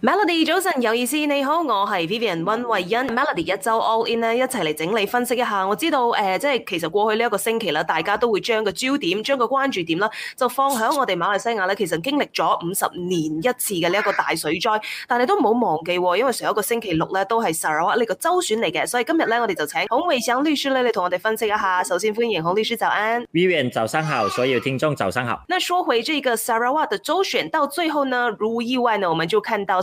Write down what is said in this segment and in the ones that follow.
Melody 早晨有意思，你好，我係 Vivian 温慧欣。Melody 一周 All In 咧一齊嚟整理分析一下。我知道誒，即、呃、係其實過去呢一個星期啦，大家都會將個焦點、將個關注點啦，就放喺我哋馬來西亞咧。其實經歷咗五十年一次嘅呢一個大水災，但係都唔好忘記、哦，因為上一個星期六咧都係 Sarawak 呢個州選嚟嘅，所以今日咧我哋就請孔維祥律師咧，你同我哋分析一下。首先歡迎孔律師早安，Vivian 早上好，所有聽眾早上好。那說回這個 Sarawak 的州選，到最後呢，如無意外呢，我們就看到。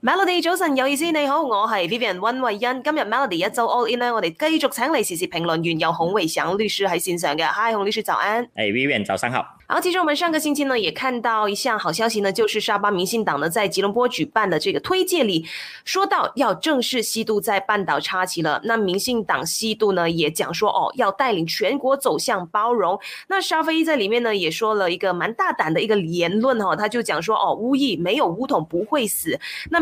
Melody 早晨，有意思你好，我係 Vivian 溫慧欣，今日 Melody 一周 All In 咧，我哋繼續請你時事評論員由洪偉祥律師喺線上嘅。嗨，洪律師早安，誒、hey, Vivian 早上好。好，其實我們上個星期呢，也看到一項好消息呢，就是沙巴民信黨呢，在吉隆坡舉辦的這個推介禮，說到要正式西渡在半島插旗了。那民信黨西渡呢，也講說哦，要帶領全國走向包容。那沙菲在裏面呢，也說了一個蠻大膽的一個言論哦，他就講說哦，巫裔沒有巫統不會死。那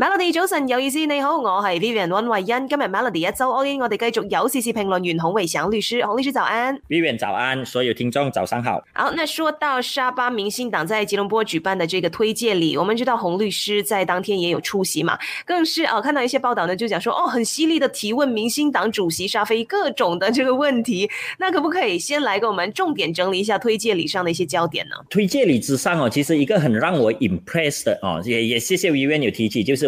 Melody Johnson，有意思，你好，我係 Vivian One w a 溫 a n 今日 Melody 一周，我哋繼續有事事評論。袁洪偉祥、蔣律師、洪律師早安，Vivian 早安，所有聽眾早上好。好，那說到沙巴明星黨在吉隆坡舉辦的這個推介禮，我們知道洪律師在當天也有出席嘛，更是哦看到一些報道呢，就講說哦很犀利的提問，明星黨主席沙菲各種的這個問題。那可不可以先來給我們重點整理一下推介禮上的一些焦點呢？推介禮之上哦，其實一個很讓我 impressed 哦，也也謝謝 Vivian 有提起，就是。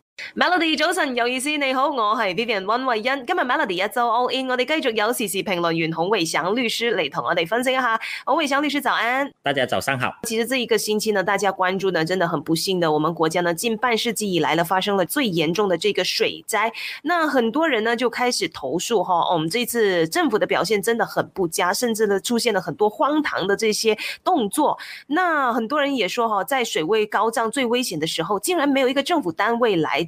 Melody 早晨，有意思，你好，我係 Vivian 温慧欣。今日 Melody 一周 all in，我哋繼續有時事評論員洪偉祥律師嚟同我哋分析一下。洪偉祥律師早安，大家早上好。其實這一個星期呢，大家關注呢，真的很不幸的，我們國家呢近半世紀以來呢發生了最嚴重的這個水災。那很多人呢就開始投訴哈，我們這次政府的表現真的很不佳，甚至呢出現了很多荒唐的這些動作。那很多人也說哈，在水位高漲最危險的時候，竟然沒有一個政府單位來。